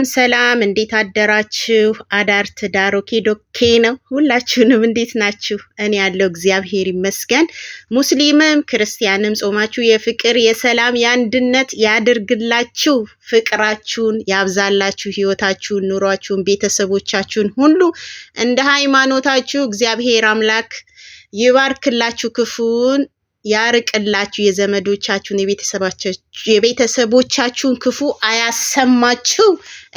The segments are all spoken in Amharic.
ሰላም ሰላም፣ እንዴት አደራችሁ? አዳር ትዳር ኦኬ ዶኬ ነው። ሁላችሁንም እንዴት ናችሁ? እኔ ያለው እግዚአብሔር ይመስገን። ሙስሊምም ክርስቲያንም ጾማችሁ የፍቅር የሰላም የአንድነት ያድርግላችሁ። ፍቅራችሁን ያብዛላችሁ። ህይወታችሁን፣ ኑሯችሁን፣ ቤተሰቦቻችሁን ሁሉ እንደ ሃይማኖታችሁ እግዚአብሔር አምላክ ይባርክላችሁ ክፉን ያርቅላችሁ፣ የዘመዶቻችሁን የቤተሰቦቻችሁን ክፉ አያሰማችሁ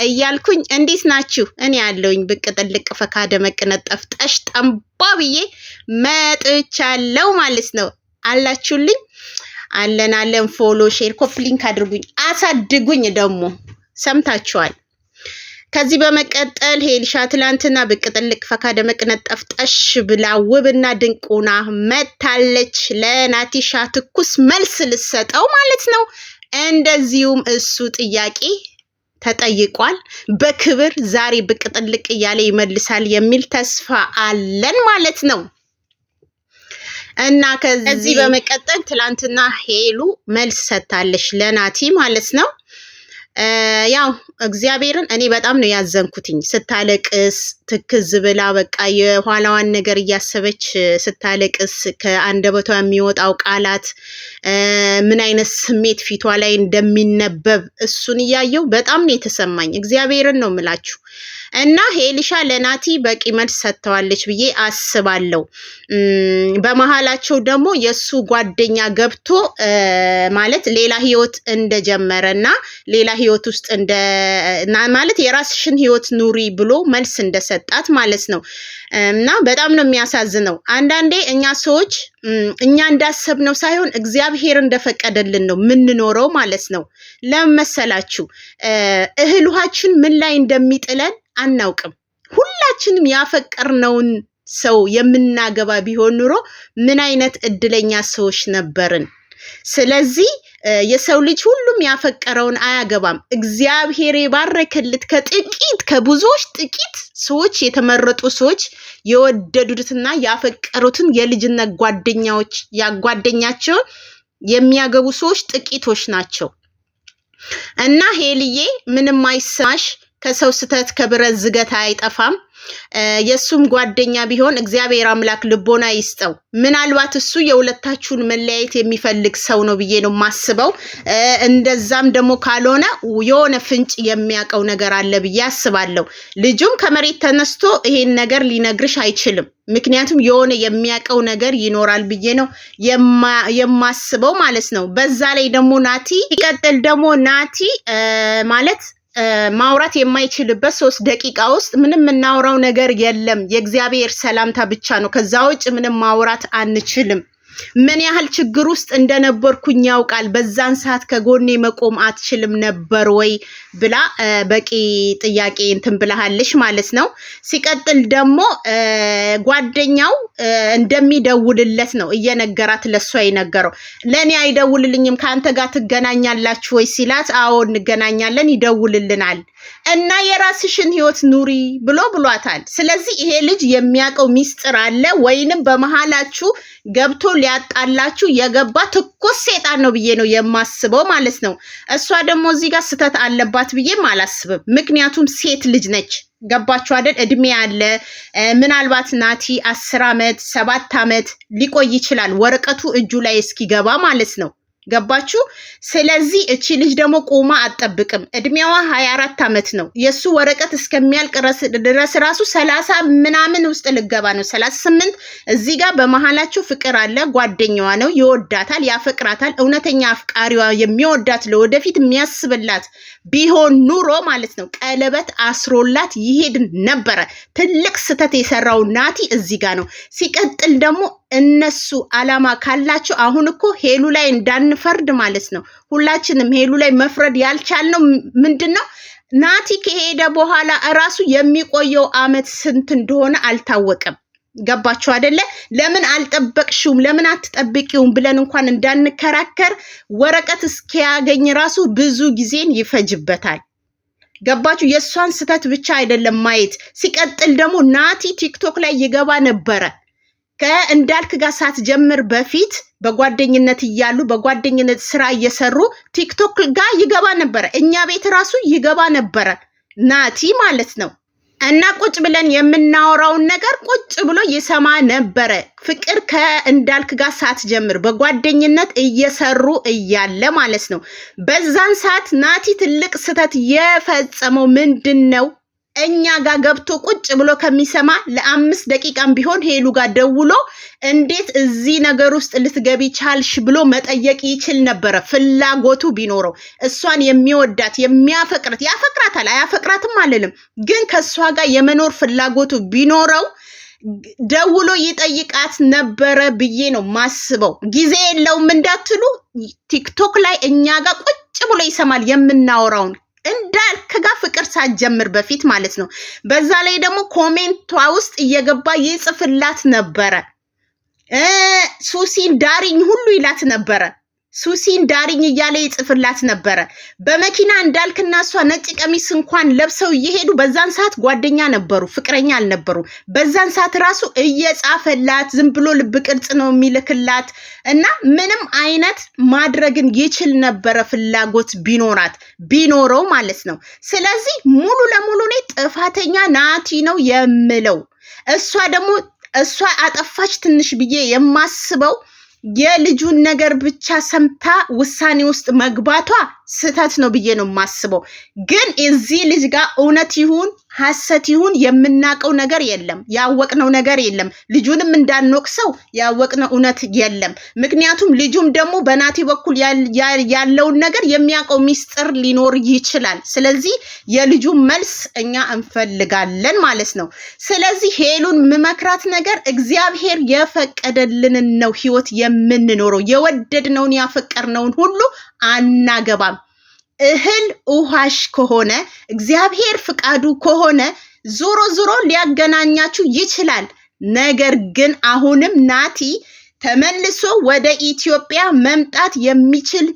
እያልኩኝ እንዴት ናችሁ? እኔ ያለውኝ ብቅ ጥልቅ ፈካ ደመቅ ነጠፍ ጠሽ ጠንባ ብዬ መጥቻለሁ ማለት ነው። አላችሁልኝ? አለን አለን። ፎሎ ሼር ኮፕሊንክ አድርጉኝ፣ አሳድጉኝ። ደግሞ ሰምታችኋል። ከዚህ በመቀጠል ሄልሻ ትላንትና ብቅ ጥልቅ ፈካ ደመቅነት ጠሽ ብላ ውብና ድንቁና መታለች። ለናቲሻ ትኩስ መልስ ልሰጠው ማለት ነው። እንደዚሁም እሱ ጥያቄ ተጠይቋል። በክብር ዛሬ ብቅ ጥልቅ እያለ ይመልሳል የሚል ተስፋ አለን ማለት ነው። እና ከዚህ በመቀጠል ትላንትና ሄሉ መልስ ሰጥታለች ለናቲ ማለት ነው። ያው እግዚአብሔርን እኔ በጣም ነው ያዘንኩትኝ። ስታለቅስ ትክዝ ብላ በቃ የኋላዋን ነገር እያሰበች ስታለቅስ ከአንደበቷ የሚወጣው ቃላት ምን አይነት ስሜት ፊቷ ላይ እንደሚነበብ እሱን እያየው በጣም ነው የተሰማኝ። እግዚአብሔርን ነው ምላችሁ እና ሄሊሻ ለናቲ በቂ መልስ ሰጥተዋለች ብዬ አስባለሁ። በመሀላቸው ደግሞ የእሱ ጓደኛ ገብቶ ማለት ሌላ ህይወት እንደጀመረ እና ሌላ ህይወት ውስጥ እንደ ማለት የራስሽን ህይወት ኑሪ ብሎ መልስ እንደሰጣት ማለት ነው። እና በጣም ነው የሚያሳዝነው። አንዳንዴ እኛ ሰዎች እኛ እንዳሰብነው ሳይሆን እግዚአብሔር እንደፈቀደልን ነው የምንኖረው ማለት ነው። ለምን መሰላችሁ? እህል ውሃችን ምን ላይ እንደሚጥለን አናውቅም። ሁላችንም ያፈቀርነውን ሰው የምናገባ ቢሆን ኑሮ ምን አይነት እድለኛ ሰዎች ነበርን። ስለዚህ የሰው ልጅ ሁሉም ያፈቀረውን አያገባም። እግዚአብሔር የባረከልት ከጥቂት ከብዙዎች ጥቂት ሰዎች የተመረጡ ሰዎች የወደዱትና ያፈቀሩትን የልጅነት ጓደኛዎች ያጓደኛቸውን የሚያገቡ ሰዎች ጥቂቶች ናቸው እና ሄልዬ ምንም አይሰማሽ። ከሰው ስተት ከብረት ዝገት አይጠፋም። የእሱም ጓደኛ ቢሆን እግዚአብሔር አምላክ ልቦና ይስጠው። ምናልባት እሱ የሁለታችሁን መለያየት የሚፈልግ ሰው ነው ብዬ ነው የማስበው። እንደዛም ደግሞ ካልሆነ የሆነ ፍንጭ የሚያውቀው ነገር አለ ብዬ አስባለሁ። ልጁም ከመሬት ተነስቶ ይሄን ነገር ሊነግርሽ አይችልም። ምክንያቱም የሆነ የሚያውቀው ነገር ይኖራል ብዬ ነው የማስበው ማለት ነው። በዛ ላይ ደግሞ ናቲ ይቀጥል ደግሞ ናቲ ማለት ማውራት የማይችልበት ሶስት ደቂቃ ውስጥ ምንም የምናውራው ነገር የለም። የእግዚአብሔር ሰላምታ ብቻ ነው። ከዛ ውጭ ምንም ማውራት አንችልም። ምን ያህል ችግር ውስጥ እንደነበርኩኝ ያውቃል። በዛን ሰዓት ከጎኔ መቆም አትችልም ነበር ወይ ብላ በቂ ጥያቄ እንትን ብለሃለሽ ማለት ነው። ሲቀጥል ደግሞ ጓደኛው እንደሚደውልለት ነው እየነገራት ለሷ የነገረው። ለእኔ አይደውልልኝም ከአንተ ጋር ትገናኛላችሁ ወይ ሲላት፣ አዎ እንገናኛለን፣ ይደውልልናል እና የራስሽን ህይወት ኑሪ ብሎ ብሏታል። ስለዚህ ይሄ ልጅ የሚያውቀው ሚስጥር አለ ወይንም በመሃላችሁ ገብቶ ሊያጣላችሁ የገባ ትኩስ ሴጣን ነው ብዬ ነው የማስበው ማለት ነው። እሷ ደግሞ እዚህ ጋር ስህተት አለባት ብዬም አላስብም። ምክንያቱም ሴት ልጅ ነች። ገባችሁ አይደል? እድሜ አለ። ምናልባት ናቲ አስር አመት ሰባት አመት ሊቆይ ይችላል ወረቀቱ እጁ ላይ እስኪገባ ማለት ነው። ገባችሁ? ስለዚህ እቺ ልጅ ደግሞ ቆማ አትጠብቅም። እድሜዋ ሀያ አራት ዓመት ነው። የእሱ ወረቀት እስከሚያልቅ ድረስ ራሱ ሰላሳ ምናምን ውስጥ ልገባ ነው፣ ሰላሳ ስምንት እዚህ ጋር በመሀላችሁ ፍቅር አለ። ጓደኛዋ ነው፣ ይወዳታል፣ ያፈቅራታል። እውነተኛ አፍቃሪዋ የሚወዳት ለወደፊት የሚያስብላት ቢሆን ኑሮ ማለት ነው ቀለበት አስሮላት ይሄድ ነበረ። ትልቅ ስህተት የሰራው ናቲ እዚህ ጋር ነው። ሲቀጥል ደግሞ እነሱ አላማ ካላቸው አሁን እኮ ሄሉ ላይ እንዳንፈርድ ማለት ነው። ሁላችንም ሄሉ ላይ መፍረድ ያልቻልነው ምንድን ነው ናቲ ከሄደ በኋላ እራሱ የሚቆየው አመት ስንት እንደሆነ አልታወቀም። ገባችሁ አይደለ? ለምን አልጠበቅሽውም ለምን አትጠብቂውም ብለን እንኳን እንዳንከራከር ወረቀት እስኪያገኝ ራሱ ብዙ ጊዜን ይፈጅበታል። ገባችሁ? የእሷን ስህተት ብቻ አይደለም ማየት። ሲቀጥል ደግሞ ናቲ ቲክቶክ ላይ ይገባ ነበረ ከእንዳልክ ጋር ሳትጀምር በፊት በጓደኝነት እያሉ በጓደኝነት ስራ እየሰሩ ቲክቶክ ጋር ይገባ ነበረ። እኛ ቤት ራሱ ይገባ ነበረ ናቲ ማለት ነው። እና ቁጭ ብለን የምናወራውን ነገር ቁጭ ብሎ ይሰማ ነበረ። ፍቅር ከእንዳልክ ጋር ሳትጀምር በጓደኝነት እየሰሩ እያለ ማለት ነው። በዛን ሰዓት ናቲ ትልቅ ስህተት የፈጸመው ምንድን ነው? እኛ ጋር ገብቶ ቁጭ ብሎ ከሚሰማ ለአምስት ደቂቃም ቢሆን ሄሉ ጋር ደውሎ እንዴት እዚህ ነገር ውስጥ ልትገቢ ቻልሽ ብሎ መጠየቅ ይችል ነበረ፣ ፍላጎቱ ቢኖረው እሷን የሚወዳት የሚያፈቅራት። ያፈቅራታል፣ አያፈቅራትም አልልም፣ ግን ከእሷ ጋር የመኖር ፍላጎቱ ቢኖረው ደውሎ ይጠይቃት ነበረ ብዬ ነው ማስበው። ጊዜ የለውም እንዳትሉ ቲክቶክ ላይ እኛ ጋር ቁጭ ብሎ ይሰማል የምናወራውን እንዳልክ ጋር ፍቅር ሳትጀምር በፊት ማለት ነው። በዛ ላይ ደግሞ ኮሜንቷ ውስጥ እየገባ ይጽፍላት ነበረ። ሱሲን ዳሪኝ ሁሉ ይላት ነበረ። ሱሲን ዳሪኝ እያለ ይጽፍላት ነበረ። በመኪና እንዳልክና እሷ ነጭ ቀሚስ እንኳን ለብሰው እየሄዱ በዛን ሰዓት ጓደኛ ነበሩ፣ ፍቅረኛ አልነበሩ። በዛን ሰዓት ራሱ እየጻፈላት ዝም ብሎ ልብ ቅርጽ ነው የሚልክላት እና ምንም አይነት ማድረግን ይችል ነበረ ፍላጎት ቢኖራት ቢኖረው ማለት ነው። ስለዚህ ሙሉ ለሙሉ እኔ ጥፋተኛ ናቲ ነው የምለው። እሷ ደግሞ እሷ አጠፋች ትንሽ ብዬ የማስበው የልጁን ነገር ብቻ ሰምታ ውሳኔ ውስጥ መግባቷ ስህተት ነው ብዬ ነው የማስበው። ግን እዚህ ልጅ ጋር እውነት ይሁን ሀሰት ይሁን የምናውቀው ነገር የለም፣ ያወቅነው ነገር የለም። ልጁንም እንዳንወቅሰው ያወቅነው እውነት የለም። ምክንያቱም ልጁም ደግሞ በናቲ በኩል ያለውን ነገር የሚያውቀው ሚስጥር ሊኖር ይችላል። ስለዚህ የልጁ መልስ እኛ እንፈልጋለን ማለት ነው። ስለዚህ ሄሉን ምመክራት ነገር እግዚአብሔር የፈቀደልንን ነው ህይወት የምንኖረው። የወደድነውን ያፈቀርነውን ሁሉ አናገባም። እህል ውሃሽ ከሆነ እግዚአብሔር ፍቃዱ ከሆነ ዞሮ ዞሮ ሊያገናኛችሁ ይችላል። ነገር ግን አሁንም ናቲ ተመልሶ ወደ ኢትዮጵያ መምጣት የሚችል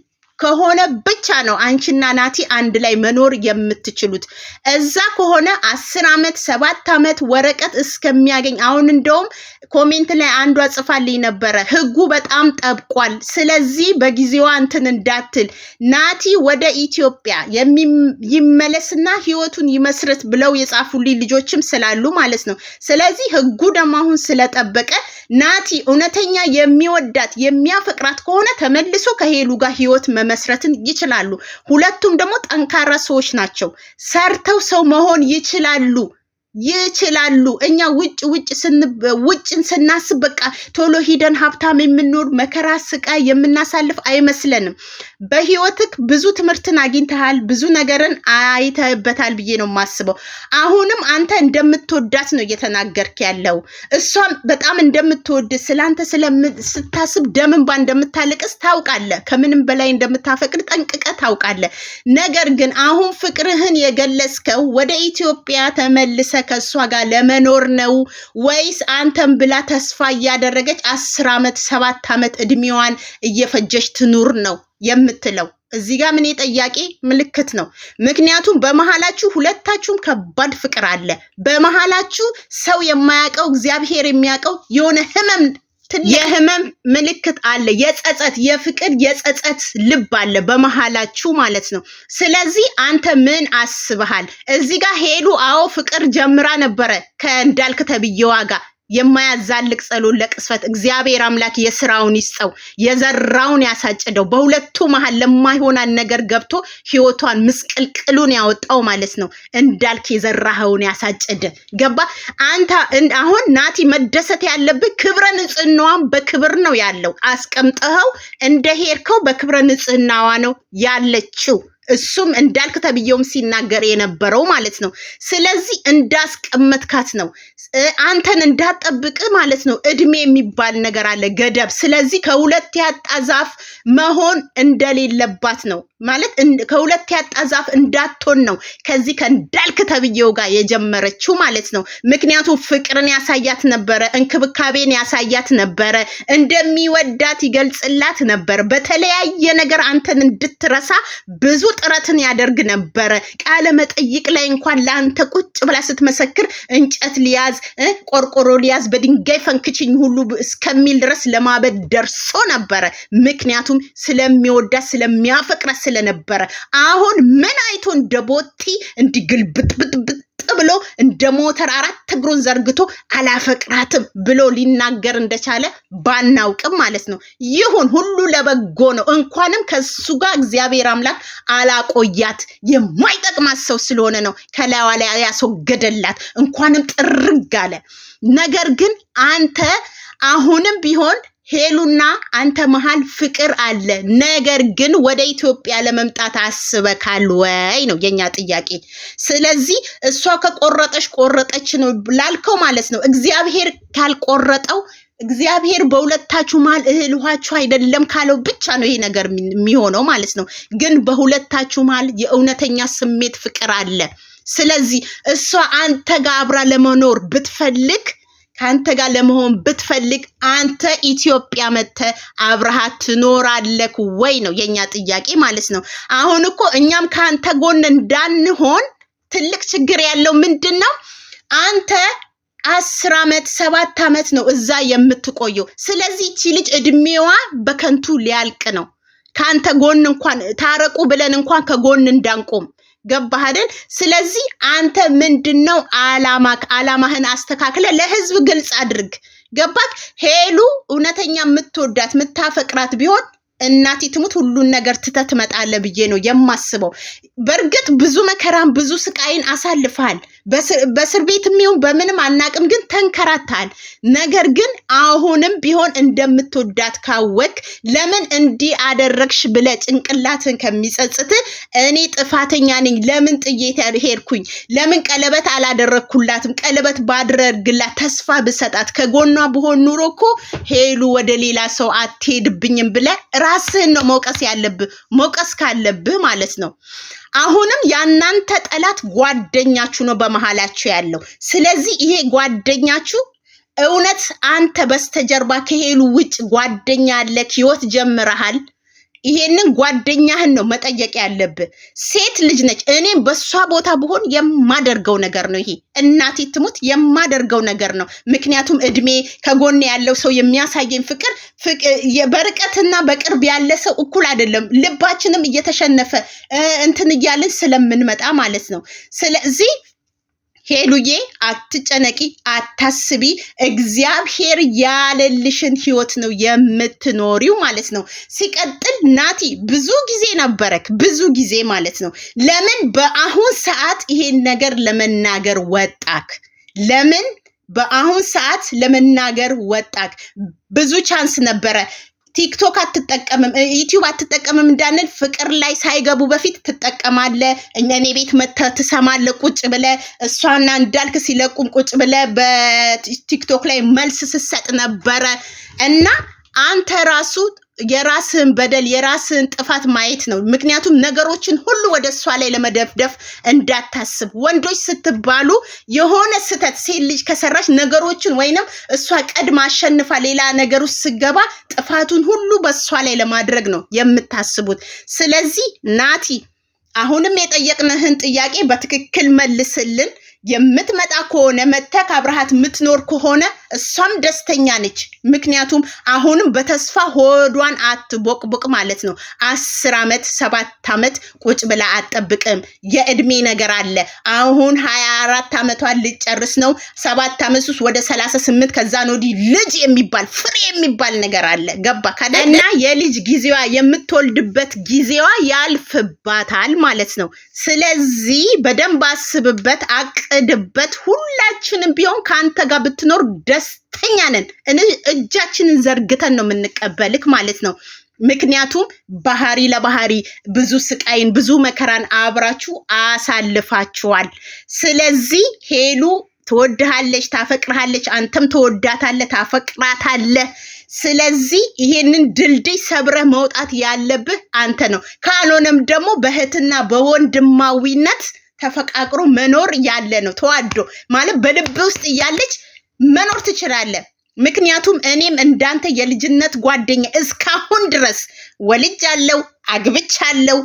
ከሆነ ብቻ ነው አንቺና ናቲ አንድ ላይ መኖር የምትችሉት። እዛ ከሆነ አስር አመት ሰባት አመት ወረቀት እስከሚያገኝ አሁን እንደውም ኮሜንት ላይ አንዷ ጽፋልኝ ነበረ፣ ህጉ በጣም ጠብቋል። ስለዚህ በጊዜዋ እንትን እንዳትል ናቲ ወደ ኢትዮጵያ ይመለስና ህይወቱን ይመስረት ብለው የጻፉልኝ ልጆችም ስላሉ ማለት ነው። ስለዚህ ህጉ ደግሞ አሁን ስለጠበቀ ናቲ እውነተኛ የሚወዳት የሚያፈቅራት ከሆነ ተመልሶ ከሄሉ ጋር ህይወት መመስረትን ይችላሉ። ሁለቱም ደግሞ ጠንካራ ሰዎች ናቸው። ሰርተው ሰው መሆን ይችላሉ ይችላሉ። እኛ ውጭ ውጭ ውጭን ስናስብ በቃ ቶሎ ሂደን ሀብታም የምንኖር መከራ ስቃይ የምናሳልፍ አይመስለንም። በህይወትክ ብዙ ትምህርትን አግኝተሃል፣ ብዙ ነገርን አይተህበታል ብዬ ነው የማስበው። አሁንም አንተ እንደምትወዳት ነው እየተናገርክ ያለው። እሷም በጣም እንደምትወድ ስለአንተ ስታስብ ደምንባ እንደምታለቅስ ታውቃለህ። ከምንም በላይ እንደምታፈቅድ ጠንቅቀ ታውቃለህ። ነገር ግን አሁን ፍቅርህን የገለጽከው ወደ ኢትዮጵያ ተመልሰ ከእሷ ጋር ለመኖር ነው ወይስ አንተን ብላ ተስፋ እያደረገች አስር ዓመት ሰባት ዓመት እድሜዋን እየፈጀች ትኑር ነው? የምትለው እዚህ ጋር ምን የጠያቂ ምልክት ነው። ምክንያቱም በመሃላችሁ ሁለታችሁም ከባድ ፍቅር አለ። በመሃላችሁ ሰው የማያውቀው እግዚአብሔር የሚያውቀው የሆነ ህመም የህመም ምልክት አለ። የጸጸት የፍቅር የጸጸት ልብ አለ በመሃላችሁ ማለት ነው። ስለዚህ አንተ ምን አስበሃል? እዚህ ጋር ሄሉ አዎ ፍቅር ጀምራ ነበረ ከእንዳልክ ተብዬዋ ጋር የማያዛልቅ ጸሎት ለቅስፈት እግዚአብሔር አምላክ የስራውን ይስጠው፣ የዘራውን ያሳጭደው። በሁለቱ መሀል ለማይሆናን ነገር ገብቶ ህይወቷን ምስቅልቅሉን ያወጣው ማለት ነው። እንዳልክ የዘራኸውን ያሳጭድ። ገባ አንተ። አሁን ናቲ መደሰት ያለብህ ክብረ ንጽህናዋን በክብር ነው ያለው። አስቀምጠኸው እንደሄድከው በክብረ ንጽህናዋ ነው ያለችው። እሱም እንዳልክ ተብዬውም ሲናገር የነበረው ማለት ነው። ስለዚህ እንዳስቀመጥካት ነው አንተን እንዳጠብቅ ማለት ነው። እድሜ የሚባል ነገር አለ ገደብ። ስለዚህ ከሁለት ያጣ ዛፍ መሆን እንደሌለባት ነው ማለት ከሁለት ያጣ ዛፍ እንዳትሆን ነው ከዚህ ከእንዳልክ ተብዬው ጋር የጀመረችው ማለት ነው። ምክንያቱም ፍቅርን ያሳያት ነበረ፣ እንክብካቤን ያሳያት ነበረ፣ እንደሚወዳት ይገልጽላት ነበር። በተለያየ ነገር አንተን እንድትረሳ ብዙ ጥረትን ያደርግ ነበረ። ቃለ መጠይቅ ላይ እንኳን ለአንተ ቁጭ ብላ ስትመሰክር እንጨት ሊያዝ ቆርቆሮ ሊያዝ በድንጋይ ፈንክችኝ ሁሉ እስከሚል ድረስ ለማበድ ደርሶ ነበረ። ምክንያቱም ስለሚወዳት ስለሚያፈቅራት ስለነበረ። አሁን ምን አይቶ እንደ ቦቲ እንዲግልብጥብጥብጥ ብሎ እንደ ሞተር አራት እግሩን ዘርግቶ አላፈቅራትም ብሎ ሊናገር እንደቻለ ባናውቅም ማለት ነው። ይሁን ሁሉ ለበጎ ነው። እንኳንም ከሱ ጋር እግዚአብሔር አምላክ አላቆያት። የማይጠቅማት ሰው ስለሆነ ነው ከላዋ ላይ ያስወገደላት። እንኳንም ጥርግ አለ። ነገር ግን አንተ አሁንም ቢሆን ሄሉና አንተ መሀል ፍቅር አለ። ነገር ግን ወደ ኢትዮጵያ ለመምጣት አስበካል ወይ ነው የኛ ጥያቄ። ስለዚህ እሷ ከቆረጠች ቆረጠች ነው ላልከው ማለት ነው። እግዚአብሔር ካልቆረጠው እግዚአብሔር በሁለታችሁ መሀል እህል ውሃችሁ አይደለም ካለው ብቻ ነው ይሄ ነገር የሚሆነው ማለት ነው። ግን በሁለታችሁ መሀል የእውነተኛ ስሜት ፍቅር አለ። ስለዚህ እሷ አንተ ጋር አብራ ለመኖር ብትፈልግ ከአንተ ጋር ለመሆን ብትፈልግ አንተ ኢትዮጵያ መተ አብርሃ ትኖራለክ ወይ ነው የኛ ጥያቄ ማለት ነው። አሁን እኮ እኛም ከአንተ ጎን እንዳንሆን ትልቅ ችግር ያለው ምንድን ነው? አንተ አስር ዓመት ሰባት ዓመት ነው እዛ የምትቆየው። ስለዚህ ቺ ልጅ እድሜዋ በከንቱ ሊያልቅ ነው። ከአንተ ጎን እንኳን ታረቁ ብለን እንኳን ከጎን እንዳንቆም ገባህ አይደል? ስለዚህ አንተ ምንድን ነው አላማክ? አላማህን አስተካክለ ለህዝብ ግልጽ አድርግ። ገባክ? ሄሉ እውነተኛ የምትወዳት የምታፈቅራት ቢሆን እናቴ ትሙት ሁሉን ነገር ትተህ ትመጣለህ ብዬ ነው የማስበው። በእርግጥ ብዙ መከራን ብዙ ስቃይን አሳልፈሃል። በእስር ቤት የሚሆን በምንም አናቅም፣ ግን ተንከራታል። ነገር ግን አሁንም ቢሆን እንደምትወዳት ካወቅ ለምን እንዲህ አደረግሽ ብለ ጭንቅላትን ከሚጸጽት እኔ ጥፋተኛ ነኝ፣ ለምን ጥዬ ሄድኩኝ፣ ለምን ቀለበት አላደረግኩላትም፣ ቀለበት ባድረግላት ተስፋ ብሰጣት ከጎኗ ብሆን ኑሮ እኮ ሄሉ ወደ ሌላ ሰው አትሄድብኝም ብለ ራስህን ነው መውቀስ ያለብህ፣ መውቀስ ካለብህ ማለት ነው። አሁንም ያናንተ ጠላት ጓደኛችሁ ነው በመሃላችሁ ያለው። ስለዚህ ይሄ ጓደኛችሁ እውነት አንተ በስተጀርባ ከሄሉ ውጭ ጓደኛ አለክ፣ ህይወት ጀምረሃል ይሄንን ጓደኛህን ነው መጠየቅ ያለብህ። ሴት ልጅ ነች። እኔም በሷ ቦታ ብሆን የማደርገው ነገር ነው ይሄ። እናቴ ትሙት የማደርገው ነገር ነው። ምክንያቱም እድሜ ከጎን ያለው ሰው የሚያሳየኝ ፍቅር በርቀትና በቅርብ ያለ ሰው እኩል አይደለም። ልባችንም እየተሸነፈ እንትን እያልን ስለምንመጣ ማለት ነው። ስለዚህ ሄሉዬ አትጨነቂ፣ አታስቢ። እግዚአብሔር ያለልሽን ህይወት ነው የምትኖሪው ማለት ነው። ሲቀጥል ናቲ ብዙ ጊዜ ነበረክ፣ ብዙ ጊዜ ማለት ነው። ለምን በአሁን ሰዓት ይሄን ነገር ለመናገር ወጣክ? ለምን በአሁን ሰዓት ለመናገር ወጣክ? ብዙ ቻንስ ነበረ ቲክቶክ አትጠቀምም፣ ዩቲዩብ አትጠቀምም እንዳንል ፍቅር ላይ ሳይገቡ በፊት ትጠቀማለ። እኔ ቤት መተ ትሰማለ ቁጭ ብለ እሷና እንዳልክ ሲለቁም ቁጭ ብለ በቲክቶክ ላይ መልስ ስሰጥ ነበረ እና አንተ ራሱ የራስን በደል የራስን ጥፋት ማየት ነው። ምክንያቱም ነገሮችን ሁሉ ወደ እሷ ላይ ለመደፍደፍ እንዳታስብ። ወንዶች ስትባሉ የሆነ ስህተት ሴት ልጅ ከሰራች ነገሮችን ወይንም እሷ ቀድማ አሸንፋ ሌላ ነገር ውስጥ ስገባ ጥፋቱን ሁሉ በእሷ ላይ ለማድረግ ነው የምታስቡት። ስለዚህ ናቲ አሁንም የጠየቅንህን ጥያቄ በትክክል መልስልን። የምትመጣ ከሆነ መተክ አብርሃት የምትኖር ከሆነ እሷም ደስተኛ ነች። ምክንያቱም አሁንም በተስፋ ሆዷን አትቦቅቦቅ ማለት ነው። አስር ዓመት ሰባት ዓመት ቁጭ ብላ አትጠብቅም። የእድሜ ነገር አለ። አሁን ሀያ አራት ዓመቷን ልጨርስ ነው። ሰባት ዓመት ውስጥ ወደ ሰላሳ ስምንት ከዛን ወዲህ ልጅ የሚባል ፍሬ የሚባል ነገር አለ። ገባ እና የልጅ ጊዜዋ የምትወልድበት ጊዜዋ ያልፍባታል ማለት ነው። ስለዚህ በደንብ አስብበት፣ አቅድበት። ሁላችንም ቢሆን ከአንተ ጋር ብትኖር ደስተኛ ነን። እጃችንን ዘርግተን ነው የምንቀበልክ ማለት ነው። ምክንያቱም ባህሪ ለባህሪ ብዙ ስቃይን ብዙ መከራን አብራችሁ አሳልፋችኋል። ስለዚህ ሄሉ ትወድሃለች፣ ታፈቅርሃለች። አንተም ትወዳታለህ፣ ታፈቅራታለህ። ስለዚህ ይሄንን ድልድይ ሰብረህ መውጣት ያለብህ አንተ ነው። ካልሆነም ደግሞ በእህትና በወንድማዊነት ተፈቃቅሮ መኖር ያለ ነው። ተዋዶ ማለት በልብ ውስጥ እያለች መኖር ትችላለህ። ምክንያቱም እኔም እንዳንተ የልጅነት ጓደኛ እስካሁን ድረስ ወልጅ አለው አግብቻ አለው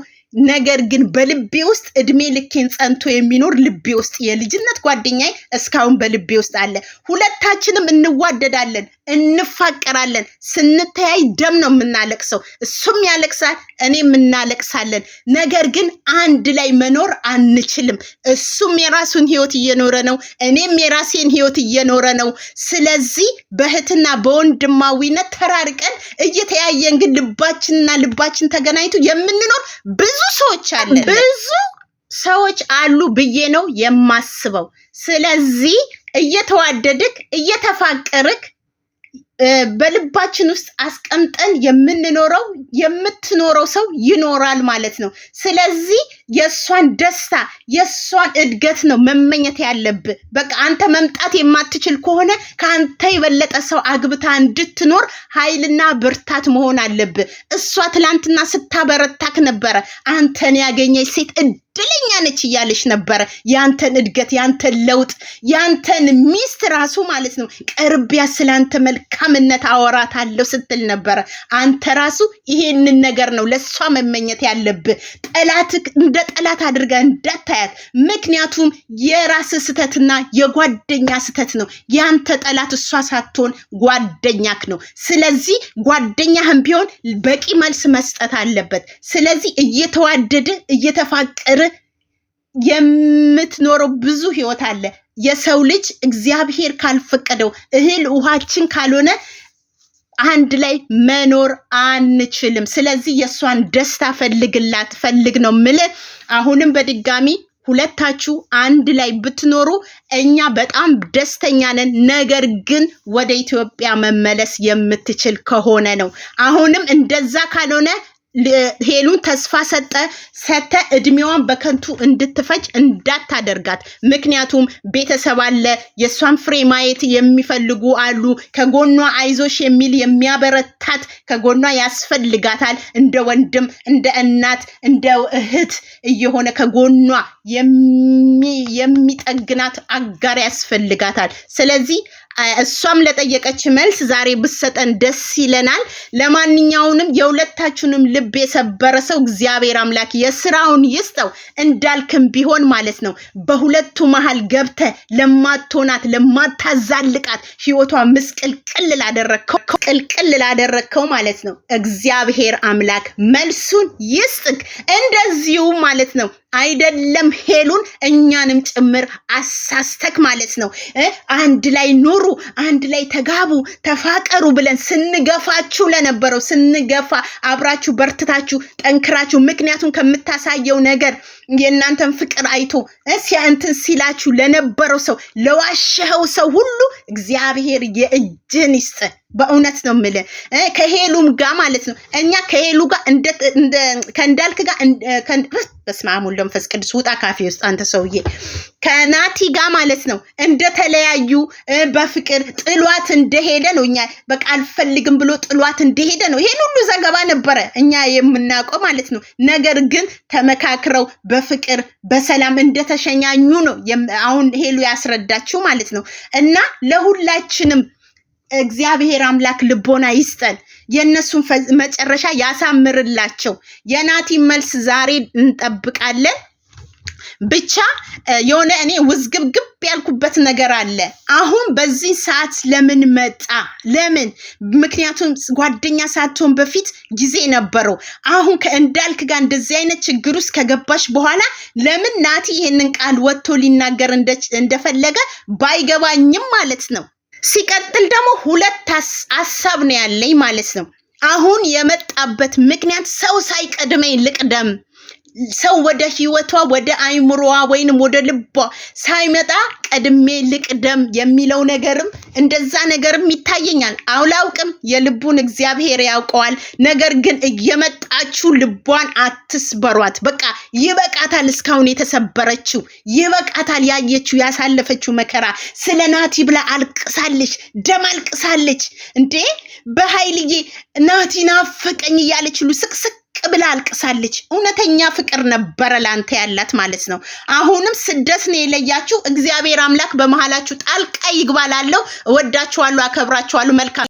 ነገር ግን በልቤ ውስጥ እድሜ ልኬን ጸንቶ የሚኖር ልቤ ውስጥ የልጅነት ጓደኛዬ እስካሁን በልቤ ውስጥ አለ። ሁለታችንም እንዋደዳለን፣ እንፋቀራለን። ስንተያይ ደም ነው የምናለቅሰው። እሱም ያለቅሳል፣ እኔም እናለቅሳለን። ነገር ግን አንድ ላይ መኖር አንችልም። እሱም የራሱን ህይወት እየኖረ ነው፣ እኔም የራሴን ህይወት እየኖረ ነው። ስለዚህ በእህትና በወንድማዊነት ተራርቀን እየተያየን ግን ልባችንና ልባችን ተገናኝቶ የምንኖር ብዙ ሰዎች አለ ብዙ ሰዎች አሉ ብዬ ነው የማስበው። ስለዚህ እየተዋደድክ እየተፋቀርክ በልባችን ውስጥ አስቀምጠን የምንኖረው የምትኖረው ሰው ይኖራል ማለት ነው። ስለዚህ የእሷን ደስታ የእሷን እድገት ነው መመኘት ያለብህ። በቃ አንተ መምጣት የማትችል ከሆነ ከአንተ የበለጠ ሰው አግብታ እንድትኖር ኃይልና ብርታት መሆን አለብህ። እሷ ትላንትና ስታበረታክ ነበረ አንተን ያገኘች ሴት እድለኛ ነች እያለች ነበረ። ያንተን እድገት፣ ያንተን ለውጥ፣ ያንተን ሚስት ራሱ ማለት ነው ቅርቢያ ስለአንተ መልካምነት አወራት አለው ስትል ነበረ። አንተ ራሱ ይሄንን ነገር ነው ለእሷ መመኘት ያለብህ። ጠላት እንደ ጠላት አድርገ እንዳታያት። ምክንያቱም የራስ ስህተትና የጓደኛ ስህተት ነው። ያንተ ጠላት እሷ ሳትሆን ጓደኛክ ነው። ስለዚህ ጓደኛህም ቢሆን በቂ መልስ መስጠት አለበት። ስለዚህ እየተዋደደ እየተፋቀረ የምትኖረው ብዙ ህይወት አለ። የሰው ልጅ እግዚአብሔር ካልፈቀደው እህል ውሃችን ካልሆነ አንድ ላይ መኖር አንችልም። ስለዚህ የእሷን ደስታ ፈልግላት ፈልግ ነው ምል። አሁንም በድጋሚ ሁለታችሁ አንድ ላይ ብትኖሩ እኛ በጣም ደስተኛ ነን። ነገር ግን ወደ ኢትዮጵያ መመለስ የምትችል ከሆነ ነው። አሁንም እንደዛ ካልሆነ ሄሉን ተስፋ ሰጠ ሰተ እድሜዋን በከንቱ እንድትፈጭ እንዳታደርጋት። ምክንያቱም ቤተሰብ አለ፣ የእሷን ፍሬ ማየት የሚፈልጉ አሉ። ከጎኗ አይዞሽ የሚል የሚያበረታት ከጎኗ ያስፈልጋታል። እንደ ወንድም፣ እንደ እናት፣ እንደ እህት እየሆነ ከጎኗ የሚጠግናት አጋር ያስፈልጋታል። ስለዚህ እሷም ለጠየቀች መልስ ዛሬ ብሰጠን ደስ ይለናል። ለማንኛውንም የሁለታችሁንም ልብ የሰበረ ሰው እግዚአብሔር አምላክ የስራውን ይስጠው። እንዳልክም ቢሆን ማለት ነው በሁለቱ መሀል ገብተ ለማትሆናት ለማታዛልቃት ህይወቷ ምስቅልቅል ላደረግከው ቅልቅል ላደረግከው ማለት ነው እግዚአብሔር አምላክ መልሱን ይስጥክ። እንደዚሁ ማለት ነው አይደለም ሄሉን እኛንም ጭምር አሳስተክ ማለት ነው። አንድ ላይ ኑሩ፣ አንድ ላይ ተጋቡ፣ ተፋቀሩ ብለን ስንገፋችሁ ለነበረው ስንገፋ አብራችሁ በርትታችሁ ጠንክራችሁ ምክንያቱም ከምታሳየው ነገር የእናንተን ፍቅር አይቶ ሲያንትን ሲላችሁ ለነበረው ሰው ለዋሸኸው ሰው ሁሉ እግዚአብሔር የእጅን ይስጥ። በእውነት ነው የምልህ ከሄሉም ጋር ማለት ነው። እኛ ከሄሉ ጋር ከእንዳልክ ጋር በስመ አብ ወወልድ ወመንፈስ ቅዱስ ውጣ ካፌ ውስጥ አንተ ሰውዬ ከናቲ ጋር ማለት ነው እንደተለያዩ በፍቅር ጥሏት እንደሄደ ነው። እኛ በቃ አልፈልግም ብሎ ጥሏት እንደሄደ ነው። ይሄን ሁሉ ዘገባ ነበረ እኛ የምናውቀው ማለት ነው። ነገር ግን ተመካክረው በፍቅር በሰላም እንደተሸኛኙ ነው አሁን ሄሉ ያስረዳችው ማለት ነው እና ለሁላችንም እግዚአብሔር አምላክ ልቦና ይስጠን፣ የእነሱን መጨረሻ ያሳምርላቸው። የናቲ መልስ ዛሬ እንጠብቃለን። ብቻ የሆነ እኔ ውዝግብግብ ያልኩበት ነገር አለ። አሁን በዚህ ሰዓት ለምን መጣ? ለምን? ምክንያቱም ጓደኛ ሳትሆን በፊት ጊዜ ነበረው። አሁን ከእንዳልክ ጋር እንደዚህ አይነት ችግር ውስጥ ከገባሽ በኋላ ለምን ናቲ ይህንን ቃል ወጥቶ ሊናገር እንደፈለገ ባይገባኝም ማለት ነው። ሲቀጥል ደግሞ ሁለት ሀሳብ ነው ያለኝ ማለት ነው። አሁን የመጣበት ምክንያት ሰው ሳይቀድመኝ ልቅደም ሰው ወደ ህይወቷ ወደ አይምሮዋ ወይንም ወደ ልቧ ሳይመጣ ቀድሜ ልቅደም የሚለው ነገርም እንደዛ ነገርም ይታየኛል። አውላውቅም የልቡን እግዚአብሔር ያውቀዋል። ነገር ግን እየመጣችሁ ልቧን አትስበሯት። በቃ ይበቃታል። እስካሁን የተሰበረችው ይበቃታል። ያየችው ያሳለፈችው መከራ ስለ ናቲ ብላ አልቅሳለች፣ ደም አልቅሳለች። እንዴ በሀይልዬ ናቲ ናፈቀኝ እያለች ሁሉ ስቅስቅ ብላ አልቅሳለች። እውነተኛ ፍቅር ነበረ ላንተ ያላት ማለት ነው። አሁንም ስደት ነው የለያችሁ። እግዚአብሔር አምላክ በመሃላችሁ ጣልቃ ይግባ። እወዳችኋለሁ፣ አከብራችኋለሁ። መልካም